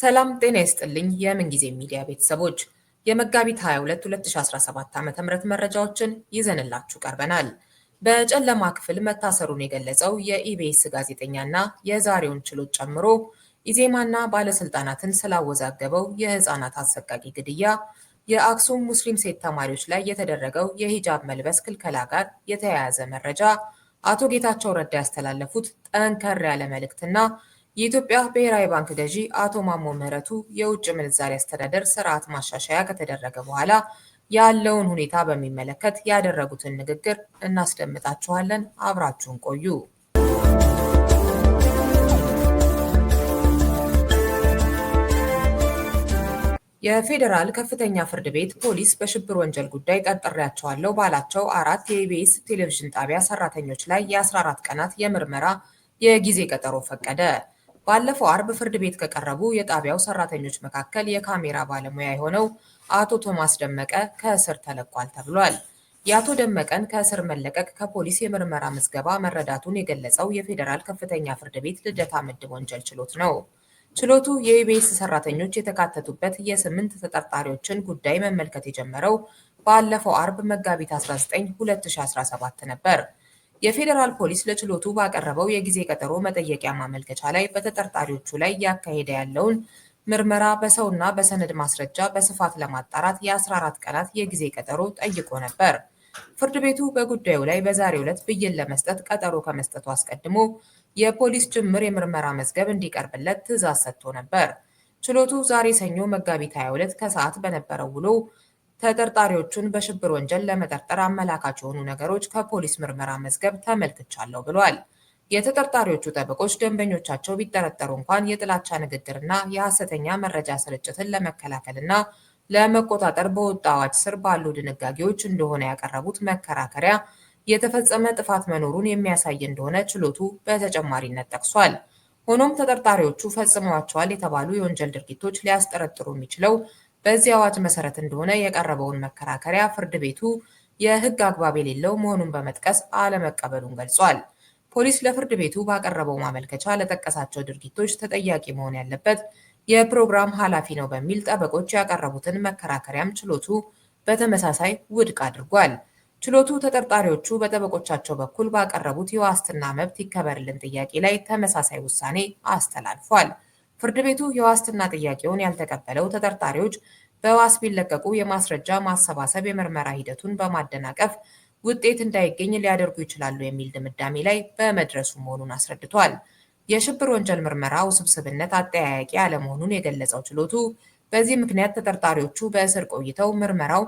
ሰላም ጤና ይስጥልኝ። የምንጊዜ ሚዲያ ቤተሰቦች የመጋቢት 22 2017 ዓ.ም መረጃዎችን ይዘንላችሁ ቀርበናል። በጨለማ ክፍል መታሰሩን የገለጸው የኢቢኤስ ጋዜጠኛና የዛሬውን ችሎት ጨምሮ ኢዜማና ባለስልጣናትን ስላወዛገበው የህፃናት አሰቃቂ ግድያ፣ የአክሱም ሙስሊም ሴት ተማሪዎች ላይ የተደረገው የሂጃብ መልበስ ክልከላ ጋር የተያያዘ መረጃ አቶ ጌታቸው ረዳ ያስተላለፉት ጠንከር ያለ መልእክትና የኢትዮጵያ ብሔራዊ ባንክ ገዢ አቶ ማሞ ምህረቱ የውጭ ምንዛሪ አስተዳደር ስርዓት ማሻሻያ ከተደረገ በኋላ ያለውን ሁኔታ በሚመለከት ያደረጉትን ንግግር እናስደምጣችኋለን። አብራችሁን ቆዩ። የፌዴራል ከፍተኛ ፍርድ ቤት ፖሊስ በሽብር ወንጀል ጉዳይ ጠርጥሬያቸዋለሁ ባላቸው አራት የኢቢኤስ ቴሌቪዥን ጣቢያ ሰራተኞች ላይ የ14 ቀናት የምርመራ የጊዜ ቀጠሮ ፈቀደ። ባለፈው አርብ ፍርድ ቤት ከቀረቡ የጣቢያው ሰራተኞች መካከል የካሜራ ባለሙያ የሆነው አቶ ቶማስ ደመቀ ከእስር ተለቋል ተብሏል። የአቶ ደመቀን ከእስር መለቀቅ ከፖሊስ የምርመራ ምዝገባ መረዳቱን የገለጸው የፌዴራል ከፍተኛ ፍርድ ቤት ልደታ ምድብ ወንጀል ችሎት ነው። ችሎቱ የኢቢኤስ ሰራተኞች የተካተቱበት የስምንት ተጠርጣሪዎችን ጉዳይ መመልከት የጀመረው ባለፈው አርብ መጋቢት 19 2017 ነበር። የፌዴራል ፖሊስ ለችሎቱ ባቀረበው የጊዜ ቀጠሮ መጠየቂያ ማመልከቻ ላይ በተጠርጣሪዎቹ ላይ እያካሄደ ያለውን ምርመራ በሰውና በሰነድ ማስረጃ በስፋት ለማጣራት የ14 ቀናት የጊዜ ቀጠሮ ጠይቆ ነበር። ፍርድ ቤቱ በጉዳዩ ላይ በዛሬው ዕለት ብይን ለመስጠት ቀጠሮ ከመስጠቱ አስቀድሞ የፖሊስ ጅምር የምርመራ መዝገብ እንዲቀርብለት ትዕዛዝ ሰጥቶ ነበር። ችሎቱ ዛሬ ሰኞ መጋቢት 22 ከሰዓት በነበረው ውሎ ተጠርጣሪዎቹን በሽብር ወንጀል ለመጠርጠር አመላካች የሆኑ ነገሮች ከፖሊስ ምርመራ መዝገብ ተመልክቻለሁ ብሏል። የተጠርጣሪዎቹ ጠበቆች ደንበኞቻቸው ቢጠረጠሩ እንኳን የጥላቻ ንግግርና የሐሰተኛ መረጃ ስርጭትን ለመከላከልና ለመቆጣጠር በወጣ አዋጅ ስር ባሉ ድንጋጌዎች እንደሆነ ያቀረቡት መከራከሪያ የተፈጸመ ጥፋት መኖሩን የሚያሳይ እንደሆነ ችሎቱ በተጨማሪነት ጠቅሷል። ሆኖም ተጠርጣሪዎቹ ፈጽመዋቸዋል የተባሉ የወንጀል ድርጊቶች ሊያስጠረጥሩ የሚችለው በዚህ አዋጅ መሰረት እንደሆነ የቀረበውን መከራከሪያ ፍርድ ቤቱ የህግ አግባብ የሌለው መሆኑን በመጥቀስ አለመቀበሉን ገልጿል። ፖሊስ ለፍርድ ቤቱ ባቀረበው ማመልከቻ ለጠቀሳቸው ድርጊቶች ተጠያቂ መሆን ያለበት የፕሮግራም ኃላፊ ነው በሚል ጠበቆች ያቀረቡትን መከራከሪያም ችሎቱ በተመሳሳይ ውድቅ አድርጓል። ችሎቱ ተጠርጣሪዎቹ በጠበቆቻቸው በኩል ባቀረቡት የዋስትና መብት ይከበርልን ጥያቄ ላይ ተመሳሳይ ውሳኔ አስተላልፏል። ፍርድ ቤቱ የዋስትና ጥያቄውን ያልተቀበለው ተጠርጣሪዎች በዋስ ቢለቀቁ የማስረጃ ማሰባሰብ የምርመራ ሂደቱን በማደናቀፍ ውጤት እንዳይገኝ ሊያደርጉ ይችላሉ የሚል ድምዳሜ ላይ በመድረሱ መሆኑን አስረድቷል። የሽብር ወንጀል ምርመራ ውስብስብነት አጠያያቂ አለመሆኑን የገለጸው ችሎቱ በዚህ ምክንያት ተጠርጣሪዎቹ በእስር ቆይተው ምርመራው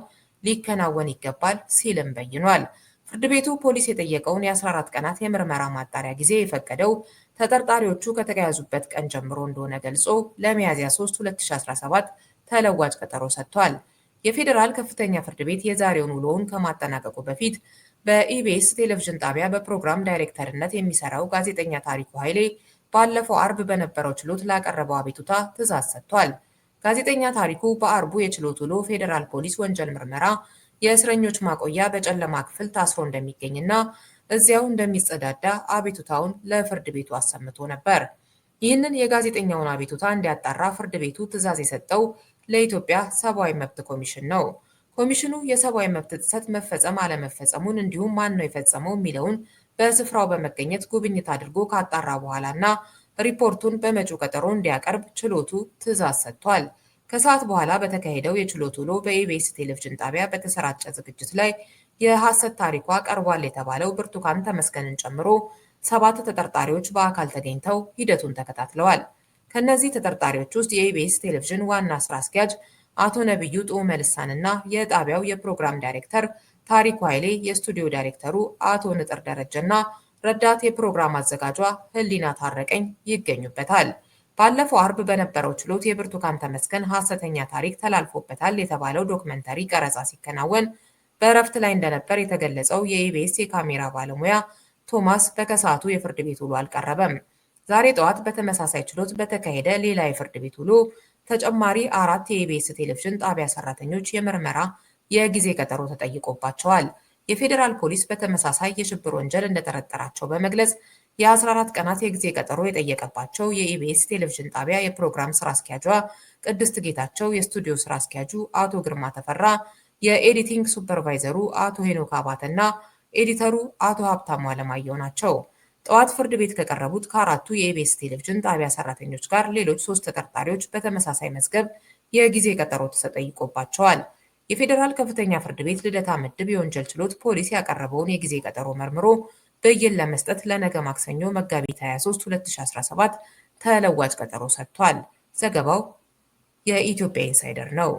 ሊከናወን ይገባል ሲልም በይኗል። ፍርድ ቤቱ ፖሊስ የጠየቀውን የ14 ቀናት የምርመራ ማጣሪያ ጊዜ የፈቀደው ተጠርጣሪዎቹ ከተያያዙበት ቀን ጀምሮ እንደሆነ ገልጾ ለሚያዝያ 3 2017 ተለዋጭ ቀጠሮ ሰጥቷል። የፌዴራል ከፍተኛ ፍርድ ቤት የዛሬውን ውሎውን ከማጠናቀቁ በፊት በኢቢኤስ ቴሌቪዥን ጣቢያ በፕሮግራም ዳይሬክተርነት የሚሰራው ጋዜጠኛ ታሪኩ ኃይሌ ባለፈው አርብ በነበረው ችሎት ላቀረበው አቤቱታ ትእዛዝ ሰጥቷል። ጋዜጠኛ ታሪኩ በአርቡ የችሎት ውሎ ፌዴራል ፖሊስ ወንጀል ምርመራ የእስረኞች ማቆያ በጨለማ ክፍል ታስሮ እንደሚገኝና እዚያው እንደሚጸዳዳ አቤቱታውን ለፍርድ ቤቱ አሰምቶ ነበር። ይህንን የጋዜጠኛውን አቤቱታ እንዲያጣራ ፍርድ ቤቱ ትዕዛዝ የሰጠው ለኢትዮጵያ ሰብአዊ መብት ኮሚሽን ነው። ኮሚሽኑ የሰብአዊ መብት ጥሰት መፈጸም አለመፈጸሙን እንዲሁም ማን ነው የፈጸመው የሚለውን በስፍራው በመገኘት ጉብኝት አድርጎ ካጣራ በኋላ እና ሪፖርቱን በመጪው ቀጠሮ እንዲያቀርብ ችሎቱ ትዕዛዝ ሰጥቷል። ከሰዓት በኋላ በተካሄደው የችሎት ውሎ በኢቢኤስ ቴሌቪዥን ጣቢያ በተሰራጨ ዝግጅት ላይ የሐሰት ታሪኳ ቀርቧል የተባለው ብርቱካን ተመስገንን ጨምሮ ሰባት ተጠርጣሪዎች በአካል ተገኝተው ሂደቱን ተከታትለዋል። ከእነዚህ ተጠርጣሪዎች ውስጥ የኢቢኤስ ቴሌቪዥን ዋና ስራ አስኪያጅ አቶ ነቢዩ ጡዑመ የጣቢያው የፕሮግራም ዳይሬክተር ታሪኩ ኃይሌ፣ የስቱዲዮ ዳይሬክተሩ አቶ ንጥር ደረጀ ረዳት የፕሮግራም አዘጋጇ ህሊና ታረቀኝ ይገኙበታል። ባለፈው አርብ በነበረው ችሎት የብርቱካን ተመስገን ሐሰተኛ ታሪክ ተላልፎበታል የተባለው ዶክመንተሪ ቀረጻ ሲከናወን በእረፍት ላይ እንደነበር የተገለጸው የኢቢኤስ የካሜራ ባለሙያ ቶማስ በከሰዓቱ የፍርድ ቤት ውሎ አልቀረበም። ዛሬ ጠዋት በተመሳሳይ ችሎት በተካሄደ ሌላ የፍርድ ቤት ውሎ ተጨማሪ አራት የኢቢኤስ ቴሌቪዥን ጣቢያ ሰራተኞች የምርመራ የጊዜ ቀጠሮ ተጠይቆባቸዋል። የፌዴራል ፖሊስ በተመሳሳይ የሽብር ወንጀል እንደጠረጠራቸው በመግለጽ የ14 ቀናት የጊዜ ቀጠሮ የጠየቀባቸው የኢቢኤስ ቴሌቪዥን ጣቢያ የፕሮግራም ስራ አስኪያጇ ቅድስት ጌታቸው፣ የስቱዲዮ ስራ አስኪያጁ አቶ ግርማ ተፈራ፣ የኤዲቲንግ ሱፐርቫይዘሩ አቶ ሄኖክ አባተ እና ኤዲተሩ አቶ ሀብታሙ አለማየሁ ናቸው። ጠዋት ፍርድ ቤት ከቀረቡት ከአራቱ የኢቢኤስ ቴሌቪዥን ጣቢያ ሰራተኞች ጋር ሌሎች ሶስት ተጠርጣሪዎች በተመሳሳይ መዝገብ የጊዜ ቀጠሮ ተጠይቆባቸዋል። የፌዴራል ከፍተኛ ፍርድ ቤት ልደታ ምድብ የወንጀል ችሎት ፖሊስ ያቀረበውን የጊዜ ቀጠሮ መርምሮ ብይን ለመስጠት ለነገ ማክሰኞ መጋቢት 23 2017 ተለዋጭ ቀጠሮ ሰጥቷል። ዘገባው የኢትዮጵያ ኢንሳይደር ነው።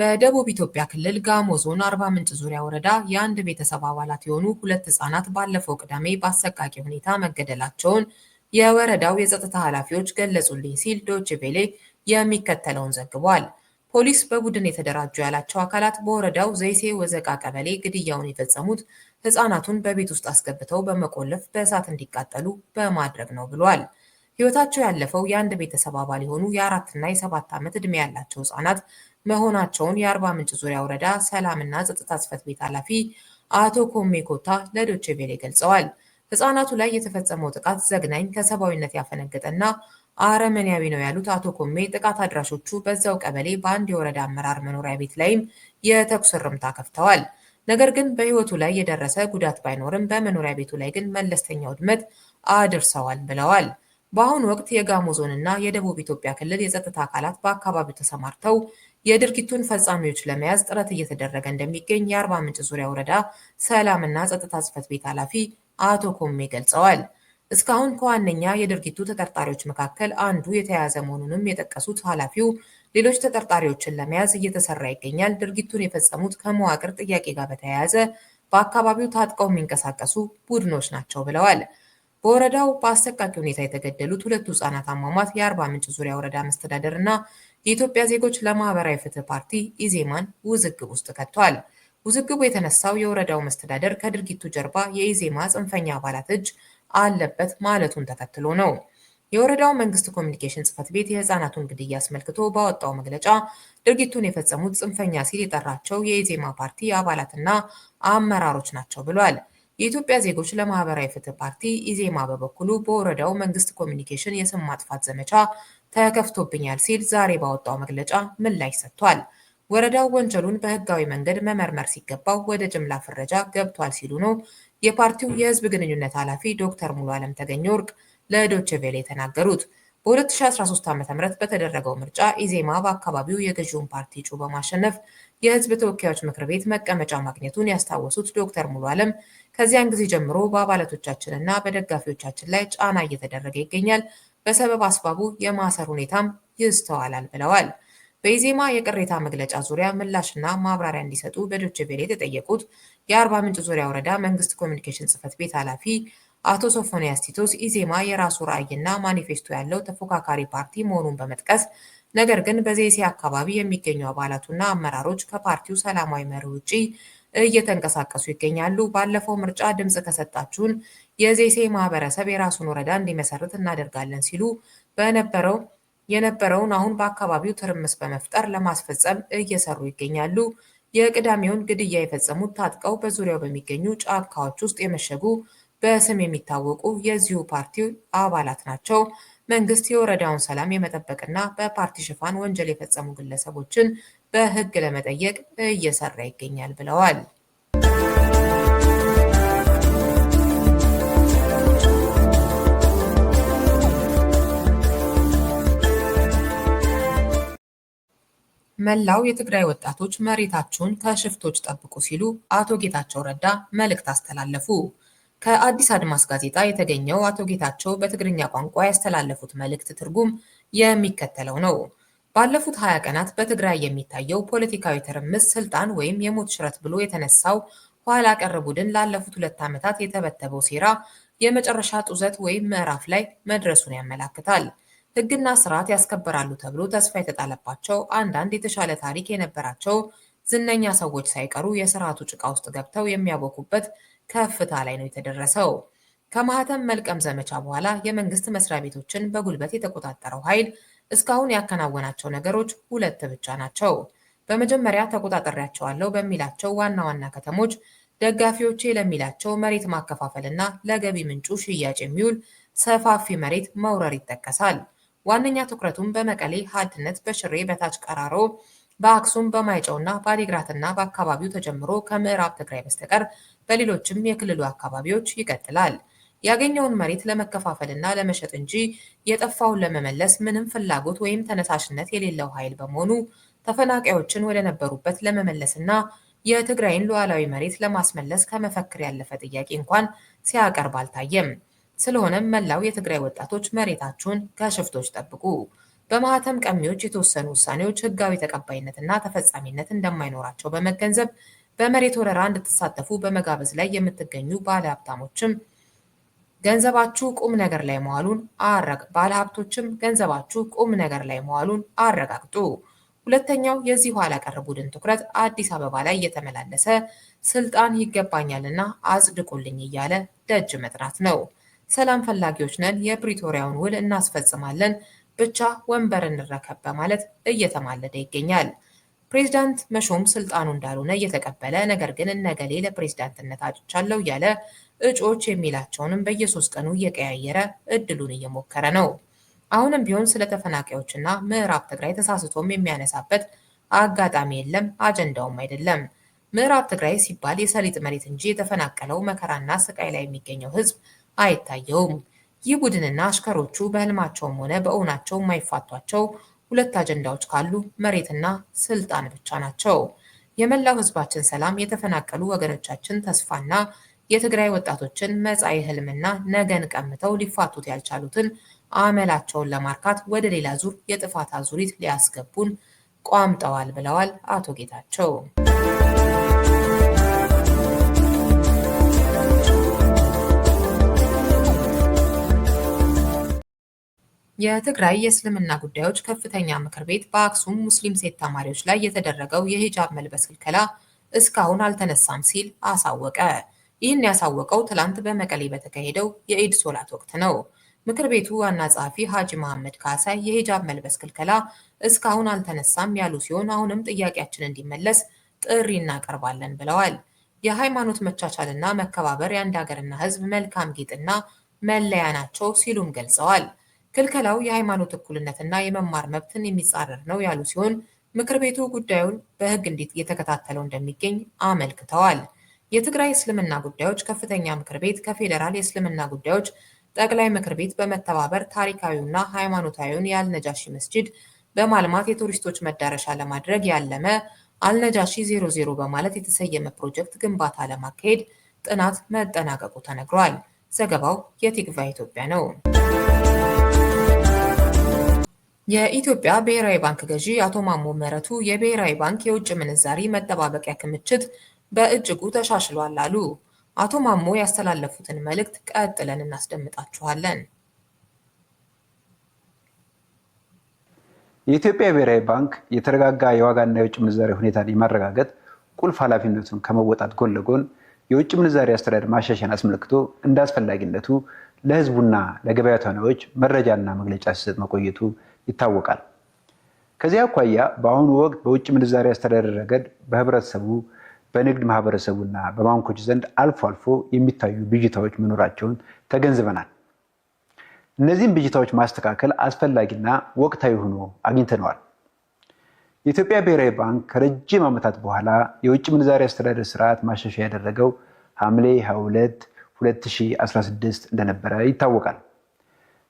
በደቡብ ኢትዮጵያ ክልል ጋሞ ዞን አርባ ምንጭ ዙሪያ ወረዳ የአንድ ቤተሰብ አባላት የሆኑ ሁለት ህጻናት ባለፈው ቅዳሜ በአሰቃቂ ሁኔታ መገደላቸውን የወረዳው የጸጥታ ኃላፊዎች ገለጹልኝ ሲል ዶች ቬሌ የሚከተለውን ዘግቧል። ፖሊስ በቡድን የተደራጁ ያላቸው አካላት በወረዳው ዘይሴ ወዘቃ ቀበሌ ግድያውን የፈጸሙት ህፃናቱን በቤት ውስጥ አስገብተው በመቆለፍ በእሳት እንዲቃጠሉ በማድረግ ነው ብሏል። ህይወታቸው ያለፈው የአንድ ቤተሰብ አባል የሆኑ የአራትና የሰባት ዓመት ዕድሜ ያላቸው ህጻናት መሆናቸውን የአርባ ምንጭ ዙሪያ ወረዳ ሰላምና ጸጥታ ጽሕፈት ቤት ኃላፊ አቶ ኮሜ ኮታ ለዶቼ ቬሌ ገልጸዋል። ህጻናቱ ላይ የተፈጸመው ጥቃት ዘግናኝ፣ ከሰብአዊነት ያፈነገጠና አረመኔያዊ ነው ያሉት አቶ ኮሜ ጥቃት አድራሾቹ በዛው ቀበሌ በአንድ የወረዳ አመራር መኖሪያ ቤት ላይም የተኩስ እርምታ ከፍተዋል። ነገር ግን በሕይወቱ ላይ የደረሰ ጉዳት ባይኖርም በመኖሪያ ቤቱ ላይ ግን መለስተኛ ውድመት አድርሰዋል ብለዋል። በአሁኑ ወቅት የጋሞ ዞን እና የደቡብ ኢትዮጵያ ክልል የጸጥታ አካላት በአካባቢው ተሰማርተው የድርጊቱን ፈጻሚዎች ለመያዝ ጥረት እየተደረገ እንደሚገኝ የአርባ ምንጭ ዙሪያ ወረዳ ሰላምና ጸጥታ ጽህፈት ቤት ኃላፊ አቶ ኮሜ ገልጸዋል። እስካሁን ከዋነኛ የድርጊቱ ተጠርጣሪዎች መካከል አንዱ የተያዘ መሆኑንም የጠቀሱት ኃላፊው ሌሎች ተጠርጣሪዎችን ለመያዝ እየተሰራ ይገኛል። ድርጊቱን የፈጸሙት ከመዋቅር ጥያቄ ጋር በተያያዘ በአካባቢው ታጥቀው የሚንቀሳቀሱ ቡድኖች ናቸው ብለዋል። በወረዳው በአሰቃቂ ሁኔታ የተገደሉት ሁለቱ ህጻናት አሟሟት የአርባ ምንጭ ዙሪያ ወረዳ መስተዳደር እና የኢትዮጵያ ዜጎች ለማህበራዊ ፍትህ ፓርቲ ኢዜማን ውዝግብ ውስጥ ከጥቷል። ውዝግቡ የተነሳው የወረዳው መስተዳደር ከድርጊቱ ጀርባ የኢዜማ ጽንፈኛ አባላት እጅ አለበት ማለቱን ተከትሎ ነው። የወረዳው መንግስት ኮሚኒኬሽን ጽፈት ቤት የህፃናቱን ግድያ አስመልክቶ ባወጣው መግለጫ ድርጊቱን የፈጸሙት ጽንፈኛ ሲል የጠራቸው የኢዜማ ፓርቲ አባላትና አመራሮች ናቸው ብሏል። የኢትዮጵያ ዜጎች ለማህበራዊ ፍትህ ፓርቲ ኢዜማ በበኩሉ በወረዳው መንግስት ኮሚኒኬሽን የስም ማጥፋት ዘመቻ ተከፍቶብኛል ሲል ዛሬ ባወጣው መግለጫ ምላሽ ሰጥቷል። ወረዳው ወንጀሉን በሕጋዊ መንገድ መመርመር ሲገባው ወደ ጅምላ ፍረጃ ገብቷል ሲሉ ነው የፓርቲው የሕዝብ ግንኙነት ኃላፊ ዶክተር ሙሉ ዓለም ተገኘ ወርቅ ለዶቼ ቬለ የተናገሩት። በ2013 ዓ ም በተደረገው ምርጫ ኢዜማ በአካባቢው የገዢውን ፓርቲ እጩ በማሸነፍ የሕዝብ ተወካዮች ምክር ቤት መቀመጫ ማግኘቱን ያስታወሱት ዶክተር ሙሉ ዓለም ከዚያን ጊዜ ጀምሮ በአባላቶቻችንና በደጋፊዎቻችን ላይ ጫና እየተደረገ ይገኛል፣ በሰበብ አስባቡ የማሰር ሁኔታም ይስተዋላል ብለዋል። በኢዜማ የቅሬታ መግለጫ ዙሪያ ምላሽና ማብራሪያ እንዲሰጡ በዶይቼ ቬለ የተጠየቁት የአርባ ምንጭ ዙሪያ ወረዳ መንግስት ኮሚኒኬሽን ጽሕፈት ቤት ኃላፊ አቶ ሶፎንያስ ቲቶስ ኢዜማ የራሱ ራዕይና ማኒፌስቶ ያለው ተፎካካሪ ፓርቲ መሆኑን በመጥቀስ ነገር ግን በዜሴ አካባቢ የሚገኙ አባላቱና አመራሮች ከፓርቲው ሰላማዊ መሪ ውጪ እየተንቀሳቀሱ ይገኛሉ። ባለፈው ምርጫ ድምፅ ከሰጣችሁን የዜሴ ማህበረሰብ የራሱን ወረዳ እንዲመሰርት እናደርጋለን ሲሉ በነበረው የነበረውን አሁን በአካባቢው ትርምስ በመፍጠር ለማስፈጸም እየሰሩ ይገኛሉ። የቅዳሜውን ግድያ የፈጸሙት ታጥቀው በዙሪያው በሚገኙ ጫካዎች ውስጥ የመሸጉ በስም የሚታወቁ የዚሁ ፓርቲ አባላት ናቸው። መንግስት የወረዳውን ሰላም የመጠበቅና በፓርቲ ሽፋን ወንጀል የፈጸሙ ግለሰቦችን በሕግ ለመጠየቅ እየሰራ ይገኛል ብለዋል። መላው የትግራይ ወጣቶች መሬታችሁን ከሽፍቶች ጠብቁ ሲሉ አቶ ጌታቸው ረዳ መልእክት አስተላለፉ። ከአዲስ አድማስ ጋዜጣ የተገኘው አቶ ጌታቸው በትግርኛ ቋንቋ ያስተላለፉት መልእክት ትርጉም የሚከተለው ነው። ባለፉት 20 ቀናት በትግራይ የሚታየው ፖለቲካዊ ትርምስ ስልጣን ወይም የሞት ሽረት ብሎ የተነሳው ኋላ ቀር ቡድን ላለፉት ሁለት ዓመታት የተበተበው ሴራ የመጨረሻ ጡዘት ወይም ምዕራፍ ላይ መድረሱን ያመላክታል። ህግና ስርዓት ያስከብራሉ ተብሎ ተስፋ የተጣለባቸው አንዳንድ የተሻለ ታሪክ የነበራቸው ዝነኛ ሰዎች ሳይቀሩ የስርዓቱ ጭቃ ውስጥ ገብተው የሚያቦኩበት ከፍታ ላይ ነው የተደረሰው። ከማህተም መልቀም ዘመቻ በኋላ የመንግስት መስሪያ ቤቶችን በጉልበት የተቆጣጠረው ኃይል እስካሁን ያከናወናቸው ነገሮች ሁለት ብቻ ናቸው። በመጀመሪያ ተቆጣጠሪያቸዋለሁ በሚላቸው ዋና ዋና ከተሞች ደጋፊዎቼ ለሚላቸው መሬት ማከፋፈልና ለገቢ ምንጩ ሽያጭ የሚውል ሰፋፊ መሬት መውረር ይጠቀሳል። ዋነኛ ትኩረቱም በመቀሌ፣ ሀድነት፣ በሽሬ፣ በታች ቀራሮ፣ በአክሱም፣ በማይጨውና በአዲግራትና በአካባቢው ተጀምሮ ከምዕራብ ትግራይ በስተቀር በሌሎችም የክልሉ አካባቢዎች ይቀጥላል። ያገኘውን መሬት ለመከፋፈልና ለመሸጥ እንጂ የጠፋውን ለመመለስ ምንም ፍላጎት ወይም ተነሳሽነት የሌለው ኃይል በመሆኑ ተፈናቃዮችን ወደ ነበሩበት ለመመለስና የትግራይን ሉዓላዊ መሬት ለማስመለስ ከመፈክር ያለፈ ጥያቄ እንኳን ሲያቀርብ አልታየም። ስለሆነም መላው የትግራይ ወጣቶች መሬታችሁን ከሽፍቶች ጠብቁ። በማህተም ቀሚዎች የተወሰኑ ውሳኔዎች ህጋዊ ተቀባይነትና ተፈጻሚነት እንደማይኖራቸው በመገንዘብ በመሬት ወረራ እንድትሳተፉ በመጋበዝ ላይ የምትገኙ ባለሀብታሞችም ገንዘባችሁ ቁም ነገር ላይ መዋሉን አረግ ባለሀብቶችም ገንዘባችሁ ቁም ነገር ላይ መዋሉን አረጋግጡ። ሁለተኛው የዚህ ኋላ ቀር ቡድን ትኩረት አዲስ አበባ ላይ እየተመላለሰ ስልጣን ይገባኛልና አጽድቁልኝ እያለ ደጅ መጥናት ነው። ሰላም ፈላጊዎች ነን፣ የፕሪቶሪያውን ውል እናስፈጽማለን፣ ብቻ ወንበር እንረከብ በማለት እየተማለደ ይገኛል። ፕሬዚዳንት መሾም ስልጣኑ እንዳልሆነ እየተቀበለ ነገር ግን እነገሌ ለፕሬዚዳንትነት አጭቻለሁ እያለ እጩዎች የሚላቸውንም በየሶስት ቀኑ እየቀያየረ እድሉን እየሞከረ ነው። አሁንም ቢሆን ስለ ተፈናቃዮችና ምዕራብ ትግራይ ተሳስቶም የሚያነሳበት አጋጣሚ የለም፣ አጀንዳውም አይደለም። ምዕራብ ትግራይ ሲባል የሰሊጥ መሬት እንጂ የተፈናቀለው መከራና ስቃይ ላይ የሚገኘው ህዝብ። አይታየውም። ይህ ቡድንና አሽከሮቹ በህልማቸውም ሆነ በእውናቸው የማይፋቷቸው ሁለት አጀንዳዎች ካሉ መሬትና ስልጣን ብቻ ናቸው። የመላው ህዝባችን ሰላም፣ የተፈናቀሉ ወገኖቻችን ተስፋና የትግራይ ወጣቶችን መጻኢ ህልምና ነገን ቀምተው ሊፋቱት ያልቻሉትን አመላቸውን ለማርካት ወደ ሌላ ዙር የጥፋት አዙሪት ሊያስገቡን ቋምጠዋል ብለዋል አቶ ጌታቸው። የትግራይ የእስልምና ጉዳዮች ከፍተኛ ምክር ቤት በአክሱም ሙስሊም ሴት ተማሪዎች ላይ የተደረገው የሂጃብ መልበስ ክልከላ እስካሁን አልተነሳም ሲል አሳወቀ። ይህን ያሳወቀው ትላንት በመቀሌ በተካሄደው የኢድ ሶላት ወቅት ነው። ምክር ቤቱ ዋና ጸሐፊ ሀጂ መሐመድ ካሳይ የሂጃብ መልበስ ክልከላ እስካሁን አልተነሳም ያሉ ሲሆን አሁንም ጥያቄያችን እንዲመለስ ጥሪ እናቀርባለን ብለዋል። የሃይማኖት መቻቻልና መከባበር የአንድ ሀገርና ሕዝብ መልካም ጌጥና መለያ ናቸው ሲሉም ገልጸዋል። ክልከላው የሃይማኖት እኩልነትና የመማር መብትን የሚጻረር ነው ያሉ ሲሆን ምክር ቤቱ ጉዳዩን በህግ እንዴት እየተከታተለው እንደሚገኝ አመልክተዋል። የትግራይ እስልምና ጉዳዮች ከፍተኛ ምክር ቤት ከፌዴራል የእስልምና ጉዳዮች ጠቅላይ ምክር ቤት በመተባበር ታሪካዊውና ሃይማኖታዊውን የአልነጃሺ መስጂድ በማልማት የቱሪስቶች መዳረሻ ለማድረግ ያለመ አልነጃሺ 00 በማለት የተሰየመ ፕሮጀክት ግንባታ ለማካሄድ ጥናት መጠናቀቁ ተነግሯል። ዘገባው የቲግቫ ኢትዮጵያ ነው። የኢትዮጵያ ብሔራዊ ባንክ ገዢ አቶ ማሞ መረቱ የብሔራዊ ባንክ የውጭ ምንዛሪ መጠባበቂያ ክምችት በእጅጉ ተሻሽሏል አሉ። አቶ ማሞ ያስተላለፉትን መልእክት ቀጥለን እናስደምጣችኋለን። የኢትዮጵያ ብሔራዊ ባንክ የተረጋጋ የዋጋና የውጭ ምንዛሪ ሁኔታን የማረጋገጥ ቁልፍ ኃላፊነቱን ከመወጣት ጎን ለጎን የውጭ ምንዛሪ አስተዳደር ማሻሻያን አስመልክቶ እንደ አስፈላጊነቱ ለሕዝቡና ለገበያ ተዋናዮች መረጃና መግለጫ ሲሰጥ መቆየቱ ይታወቃል። ከዚህ አኳያ በአሁኑ ወቅት በውጭ ምንዛሪ አስተዳደር ረገድ በህብረተሰቡ በንግድ ማህበረሰቡና በባንኮች ዘንድ አልፎ አልፎ የሚታዩ ብዥታዎች መኖራቸውን ተገንዝበናል። እነዚህም ብዥታዎች ማስተካከል አስፈላጊና ወቅታዊ ሆኖ አግኝተነዋል። የኢትዮጵያ ብሔራዊ ባንክ ከረጅም ዓመታት በኋላ የውጭ ምንዛሪ አስተዳደር ስርዓት ማሻሻያ ያደረገው ሐምሌ 22 2016 እንደነበረ ይታወቃል።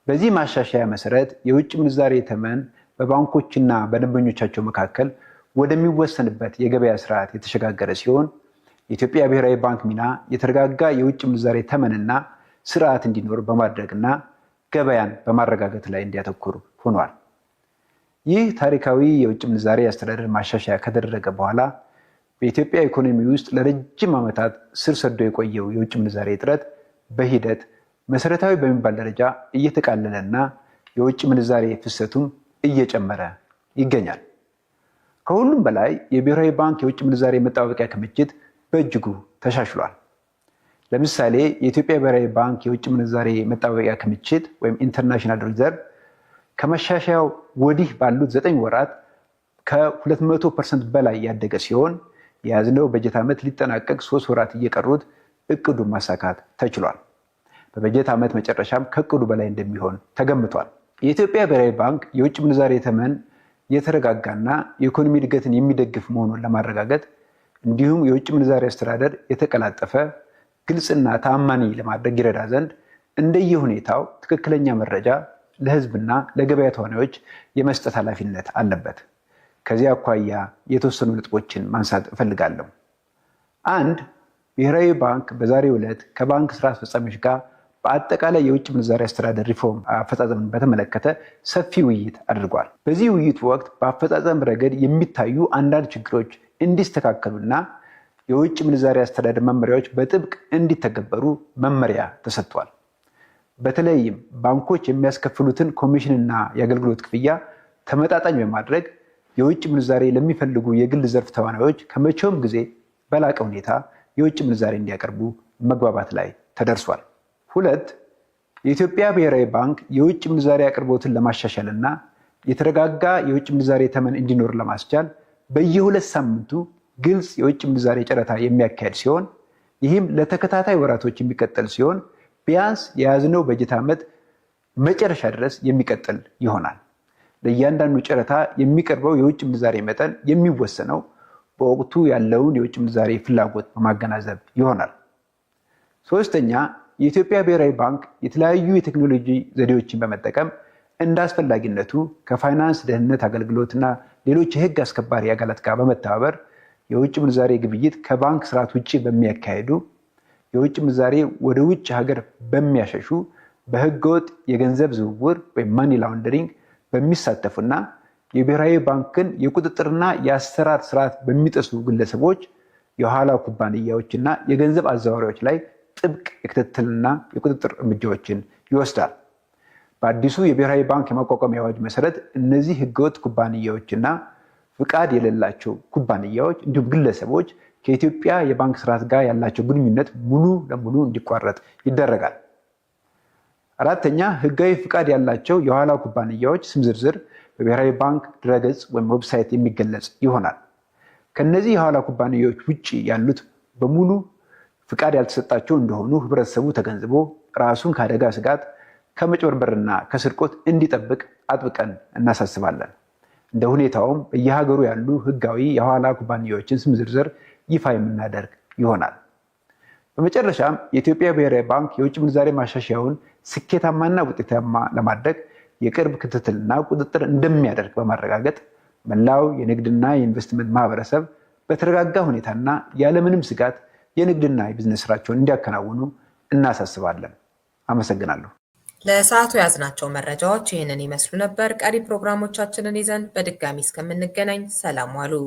በዚህ ማሻሻያ መሰረት የውጭ ምንዛሬ ተመን በባንኮችና በደንበኞቻቸው መካከል ወደሚወሰንበት የገበያ ስርዓት የተሸጋገረ ሲሆን የኢትዮጵያ ብሔራዊ ባንክ ሚና የተረጋጋ የውጭ ምንዛሬ ተመንና ስርዓት እንዲኖር በማድረግና ገበያን በማረጋገጥ ላይ እንዲያተኩር ሆኗል። ይህ ታሪካዊ የውጭ ምንዛሬ አስተዳደር ማሻሻያ ከተደረገ በኋላ በኢትዮጵያ ኢኮኖሚ ውስጥ ለረጅም ዓመታት ስር ሰዶ የቆየው የውጭ ምንዛሬ እጥረት በሂደት መሰረታዊ በሚባል ደረጃ እየተቃለለና የውጭ ምንዛሬ ፍሰቱም እየጨመረ ይገኛል። ከሁሉም በላይ የብሔራዊ ባንክ የውጭ ምንዛሬ መጠባበቂያ ክምችት በእጅጉ ተሻሽሏል። ለምሳሌ የኢትዮጵያ ብሔራዊ ባንክ የውጭ ምንዛሬ መጠባበቂያ ክምችት ወይም ኢንተርናሽናል ሪዘርቭ ከመሻሻያው ወዲህ ባሉት ዘጠኝ ወራት ከ200 ፐርሰንት በላይ ያደገ ሲሆን የያዝነው በጀት ዓመት ሊጠናቀቅ ሶስት ወራት እየቀሩት እቅዱን ማሳካት ተችሏል። በበጀት ዓመት መጨረሻም ከእቅዱ በላይ እንደሚሆን ተገምቷል። የኢትዮጵያ ብሔራዊ ባንክ የውጭ ምንዛሬ ተመን የተረጋጋና የኢኮኖሚ እድገትን የሚደግፍ መሆኑን ለማረጋገጥ እንዲሁም የውጭ ምንዛሬ አስተዳደር የተቀላጠፈ ግልጽና ተአማኒ ለማድረግ ይረዳ ዘንድ እንደየ ሁኔታው ትክክለኛ መረጃ ለሕዝብና ለገበያ ተዋናዮች የመስጠት ኃላፊነት አለበት። ከዚህ አኳያ የተወሰኑ ነጥቦችን ማንሳት እፈልጋለሁ። አንድ ብሔራዊ ባንክ በዛሬው ዕለት ከባንክ ስራ አስፈጻሚዎች ጋር በአጠቃላይ የውጭ ምንዛሪ አስተዳደር ሪፎርም አፈጻጸምን በተመለከተ ሰፊ ውይይት አድርጓል። በዚህ ውይይት ወቅት በአፈጻጸም ረገድ የሚታዩ አንዳንድ ችግሮች እንዲስተካከሉና የውጭ ምንዛሪ አስተዳደር መመሪያዎች በጥብቅ እንዲተገበሩ መመሪያ ተሰጥቷል። በተለይም ባንኮች የሚያስከፍሉትን ኮሚሽንና የአገልግሎት ክፍያ ተመጣጣኝ በማድረግ የውጭ ምንዛሬ ለሚፈልጉ የግል ዘርፍ ተዋናዮች ከመቼውም ጊዜ በላቀ ሁኔታ የውጭ ምንዛሬ እንዲያቀርቡ መግባባት ላይ ተደርሷል። ሁለት የኢትዮጵያ ብሔራዊ ባንክ የውጭ ምንዛሪ አቅርቦትን ለማሻሻል እና የተረጋጋ የውጭ ምንዛሬ ተመን እንዲኖር ለማስቻል በየሁለት ሳምንቱ ግልጽ የውጭ ምንዛሬ ጨረታ የሚያካሄድ ሲሆን ይህም ለተከታታይ ወራቶች የሚቀጠል ሲሆን ቢያንስ የያዝነው በጀት ዓመት መጨረሻ ድረስ የሚቀጥል ይሆናል። ለእያንዳንዱ ጨረታ የሚቀርበው የውጭ ምንዛሬ መጠን የሚወሰነው በወቅቱ ያለውን የውጭ ምንዛሬ ፍላጎት በማገናዘብ ይሆናል። ሶስተኛ የኢትዮጵያ ብሔራዊ ባንክ የተለያዩ የቴክኖሎጂ ዘዴዎችን በመጠቀም እንደ አስፈላጊነቱ ከፋይናንስ ደህንነት አገልግሎትና ሌሎች የህግ አስከባሪ አካላት ጋር በመተባበር የውጭ ምንዛሬ ግብይት ከባንክ ስርዓት ውጭ በሚያካሄዱ የውጭ ምንዛሬ ወደ ውጭ ሀገር በሚያሸሹ በህገወጥ የገንዘብ ዝውውር ወይም ማኒ ላውንደሪንግ በሚሳተፉና የብሔራዊ ባንክን የቁጥጥርና የአሰራር ስርዓት በሚጠሱ ግለሰቦች የኋላ ኩባንያዎችና የገንዘብ አዘዋሪዎች ላይ ጥብቅ የክትትልና የቁጥጥር እርምጃዎችን ይወስዳል። በአዲሱ የብሔራዊ ባንክ የማቋቋሚያ አዋጅ መሰረት እነዚህ ህገወጥ ኩባንያዎችና ፍቃድ የሌላቸው ኩባንያዎች እንዲሁም ግለሰቦች ከኢትዮጵያ የባንክ ስርዓት ጋር ያላቸው ግንኙነት ሙሉ ለሙሉ እንዲቋረጥ ይደረጋል። አራተኛ ህጋዊ ፍቃድ ያላቸው የኋላ ኩባንያዎች ስም ዝርዝር በብሔራዊ ባንክ ድረገጽ ወይም ዌብሳይት የሚገለጽ ይሆናል። ከነዚህ የኋላ ኩባንያዎች ውጭ ያሉት በሙሉ ፍቃድ ያልተሰጣቸው እንደሆኑ ህብረተሰቡ ተገንዝቦ ራሱን ከአደጋ ስጋት ከመጭበርበርና ከስርቆት እንዲጠብቅ አጥብቀን እናሳስባለን። እንደ ሁኔታውም በየሀገሩ ያሉ ህጋዊ የሐዋላ ኩባንያዎችን ስም ዝርዝር ይፋ የምናደርግ ይሆናል። በመጨረሻም የኢትዮጵያ ብሔራዊ ባንክ የውጭ ምንዛሬ ማሻሻያውን ስኬታማና ውጤታማ ለማድረግ የቅርብ ክትትልና ቁጥጥር እንደሚያደርግ በማረጋገጥ መላው የንግድና የኢንቨስትመንት ማህበረሰብ በተረጋጋ ሁኔታና ያለምንም ስጋት የንግድና የቢዝነስ ስራቸውን እንዲያከናውኑ እናሳስባለን። አመሰግናለሁ። ለሰዓቱ የያዝናቸው መረጃዎች ይህንን ይመስሉ ነበር። ቀሪ ፕሮግራሞቻችንን ይዘን በድጋሚ እስከምንገናኝ ሰላም ዋሉ።